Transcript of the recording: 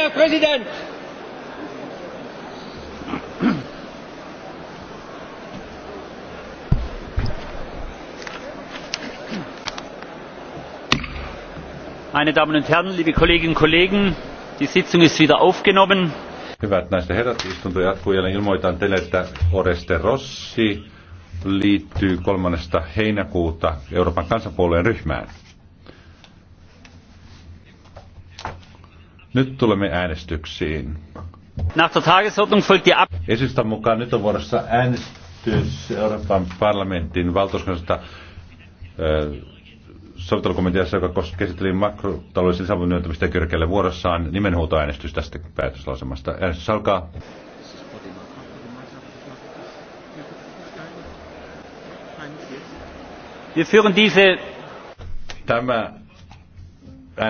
Herr Präsident! Meine Damen und Herren, liebe Kolleginnen und Kollegen, die Sitzung ist wieder aufgenommen. Hyvät naiset ja herrat, istunto jatkuu jälleen. Ilmoitan teille, että Oreste Rossi liittyy 3. heinäkuuta Euroopan kansanpuolueen ryhmään. Nyt tulemme äänestyksiin. Nach der Tagesordnung folgt die Ab mukaan nyt on vuorossa äänestys Euroopan parlamentin valtuuskunnasta sovittelukomiteassa, joka käsitteli makrotaloudellisen lisäavun myöntämistä kyrkelle vuorossaan nimenhuutoäänestys tästä päätöslausemasta. Äänestys alkaa. Wir führen diese Tämä